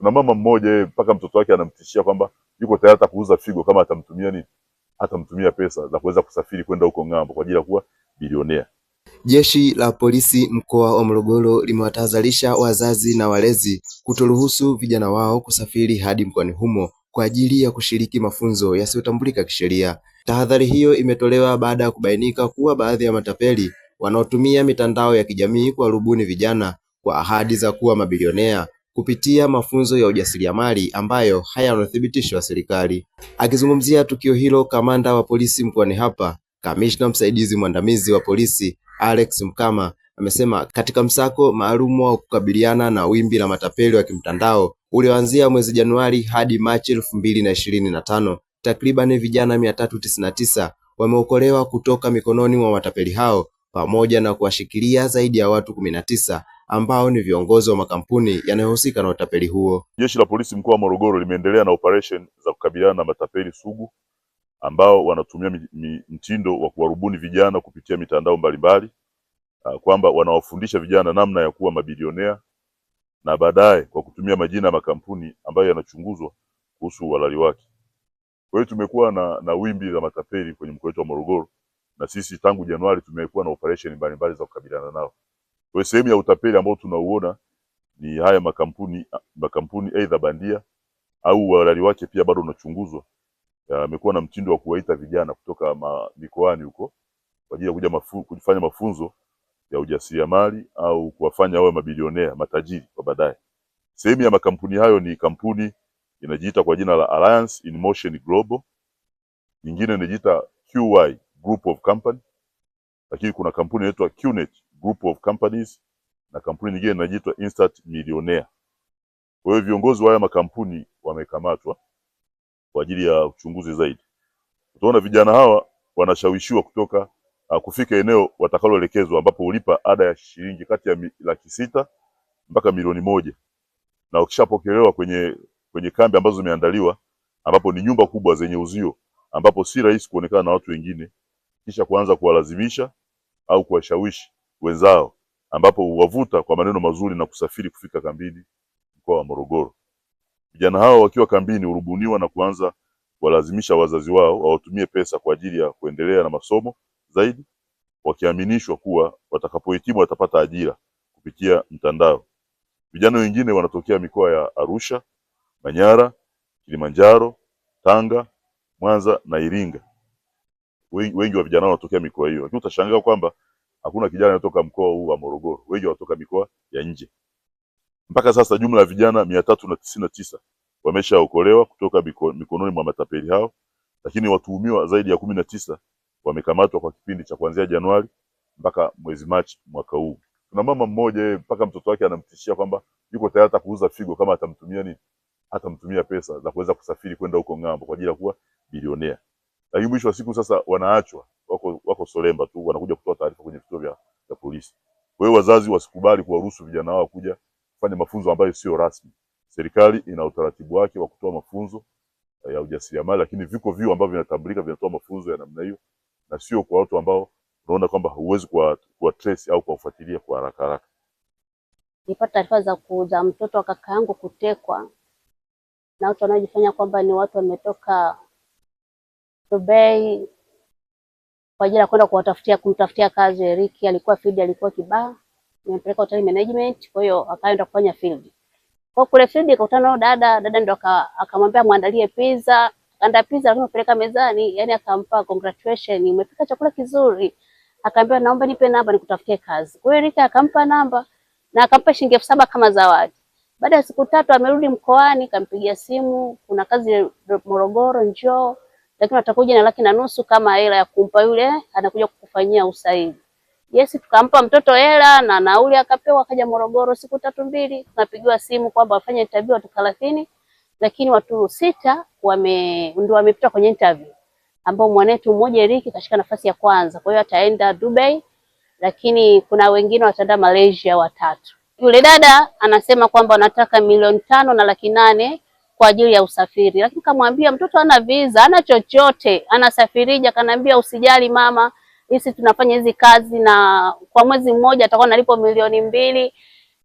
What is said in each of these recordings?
Kuna mama mmoja mpaka mtoto wake anamtishia kwamba yuko tayari hata kuuza figo kama atamtumia nini, atamtumia pesa za kuweza kusafiri kwenda huko ng'ambo kwa ajili ya kuwa bilionea. Jeshi la polisi mkoa wa Morogoro limewatahadharisha wazazi na walezi kutoruhusu vijana wao kusafiri hadi mkoani humo kwa ajili ya kushiriki mafunzo yasiyotambulika kisheria. Tahadhari hiyo imetolewa baada ya kubainika kuwa baadhi ya matapeli wanaotumia mitandao ya kijamii kuwarubuni vijana kwa ahadi za kuwa mabilionea kupitia mafunzo ya ujasiriamali ambayo haya uthibitisho wa serikali. Akizungumzia tukio hilo, kamanda wa polisi mkoani hapa, kamishna msaidizi mwandamizi wa polisi Alex Mkama amesema katika msako maalum wa kukabiliana na wimbi la matapeli wa kimtandao ulioanzia mwezi Januari hadi Machi elfu mbili na ishirini na tano takribani vijana mia tatu tisini na tisa wameokolewa kutoka mikononi mwa matapeli hao pamoja na kuwashikilia zaidi ya watu kumi na tisa ambao ni viongozi wa makampuni yanayohusika na utapeli huo. Jeshi la Polisi mkoa wa Morogoro limeendelea na operation za kukabiliana na matapeli sugu ambao wanatumia mtindo wa kuwarubuni vijana kupitia mitandao mbalimbali, ah, kwamba wanawafundisha vijana namna ya kuwa mabilionea na baadaye kwa kutumia majina ya makampuni ambayo yanachunguzwa kuhusu uhalali wake. Kwa hiyo tumekuwa na, na wimbi la matapeli kwenye mkoa wetu wa Morogoro, na sisi tangu Januari tumekuwa na operation mbalimbali za kukabiliana nao. Kwa sehemu ya utapeli ambao tunauona ni haya makampuni makampuni aidha bandia au walali wake pia bado unachunguzwa. Amekuwa na mtindo wa kuwaita vijana kutoka mikoani huko kwa ajili ya kuja mafu, kufanya mafunzo ya ujasiriamali au kuwafanya wawe mabilionea matajiri kwa baadaye. Sehemu ya makampuni hayo ni kampuni inajiita kwa jina la Alliance in Motion Global, nyingine inajiita QY Group of Company, lakini kuna kampuni inaitwa QNet group of companies na kampuni nyingine inajiitwa Instant Millionaire. Kwa hiyo viongozi wa haya makampuni wamekamatwa kwa ajili ya uchunguzi zaidi. Utaona vijana hawa wanashawishiwa kutoka uh, kufika eneo watakaloelekezwa ambapo ulipa ada ya shilingi kati ya laki sita mpaka milioni moja na ukishapokelewa kwenye kwenye kambi ambazo zimeandaliwa ambapo ni nyumba kubwa zenye uzio ambapo si rahisi kuonekana na watu wengine, kisha kuanza kuwalazimisha au kuwashawishi wenzao, ambapo huwavuta kwa maneno mazuri na kusafiri kufika kambini mkoa wa Morogoro. Vijana hao wakiwa kambini hurubuniwa na kuanza kuwalazimisha wazazi wao wawatumie pesa kwa ajili ya kuendelea na masomo zaidi, wakiaminishwa kuwa watakapohitimu watapata ajira kupitia mtandao. Vijana wengine wanatokea mikoa ya Arusha, Manyara, Kilimanjaro, Tanga, Mwanza na Iringa. Wengi wa vijana wanatokea mikoa hiyo, lakini utashangaa kwamba hakuna kijana anatoka mkoa huu wa Morogoro, wengi wanatoka mikoa ya nje. Mpaka sasa jumla ya vijana mia tatu na tisini na tisa wameshaokolewa kutoka mikononi mwa matapeli hao, lakini watuhumiwa zaidi ya kumi na tisa wamekamatwa kwa kipindi cha kuanzia Januari mpaka mwezi Machi mwaka huu. Kuna mama mmoja mpaka mtoto wake anamtishia kwamba yuko tayari hata kuuza figo kama atamtumia nini, atamtumia pesa za kuweza kusafiri kwenda huko ng'ambo kwa ajili ya kuwa bilionea, lakini mwisho wa siku sasa wanaachwa wako, wako solemba tu, wanakuja kutoa taarifa kwenye vituo vya, vya polisi. Kwa hiyo wazazi wasikubali kuwaruhusu vijana wao kuja kufanya mafunzo ambayo sio rasmi. Serikali ina utaratibu wake wa kutoa mafunzo eh, ya ujasiriamali, lakini viko vyuo ambavyo vinatambulika vinatoa mafunzo ya namna hiyo, na sio kwa watu ambao unaona kwamba huwezi kuwa trace au kuwafuatilia kwa haraka haraka. Nipata taarifa za kuza mtoto wa kaka yangu kutekwa na watu wanaojifanya kwamba ni watu wametoka Dubai kwa ajili ya kwenda kuwatafutia kumtafutia kazi. Eric alikuwa field, alikuwa kibaa, nimempeleka hotel management, kwa hiyo akaenda kufanya field. Kwa kule field akakutana na dada, dada ndo akamwambia muandalie pizza, kaanda pizza lakini mpeleka mezani, yani akampa congratulation, umepika chakula kizuri. Akaambia naomba nipe namba nikutafutie kazi. Kwa hiyo Eric akampa namba na akampa shilingi elfu saba kama zawadi. Baada ya siku tatu amerudi mkoani, kampigia simu, kuna kazi Morogoro, njoo lakini atakuja na laki na nusu kama hela ya kumpa yule anakuja kukufanyia usaili. Yesi, tukampa mtoto hela na nauli akapewa, akaja Morogoro siku tatu mbili, tunapigiwa simu kwamba wafanye interview watu 30 lakini watu sita wame ndio wamepita kwenye interview, ambao mwanetu mmoja Eriki kashika nafasi ya kwanza, kwa hiyo ataenda Dubai, lakini kuna wengine wataenda Malaysia watatu. Yule dada anasema kwamba anataka milioni tano na laki nane kwa ajili ya usafiri, lakini kamwambia mtoto ana visa, ana chochote, anasafirija. Akaniambia usijali mama, sisi tunafanya hizi kazi na kwa mwezi mmoja atakuwa nalipo milioni mbili.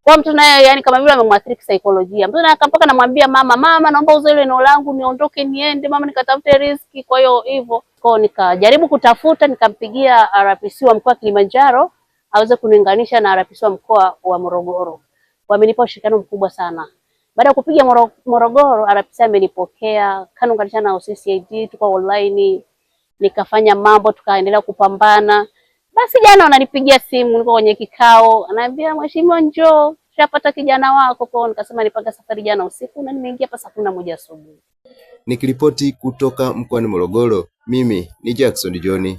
Kwa mtu naye yani kama vile amemwathiri kisaikolojia. Mtu naye mpaka namwambia mama, mama naomba uze ile eneo langu niondoke niende mama nikatafute riziki. Kwa hiyo hivyo. Kwa nikajaribu kutafuta nikampigia RPC wa mkoa wa Kilimanjaro aweze kuniunganisha na RPC wa mkoa wa Morogoro. Wamenipa ushirikiano mkubwa sana. Baada ya kupiga Morogoro, RPC amenipokea Kano, na OCCID, tuko online nikafanya mambo, tukaendelea kupambana. Basi jana wananipigia simu, niko kwenye kikao, anaambia mheshimiwa, njoo shapata kijana wako kwao. Nikasema nipanga safari jana usiku na nimeingia hapa saa kumi na moja asubuhi. Nikiripoti kutoka mkoani Morogoro, mimi ni Jackson John.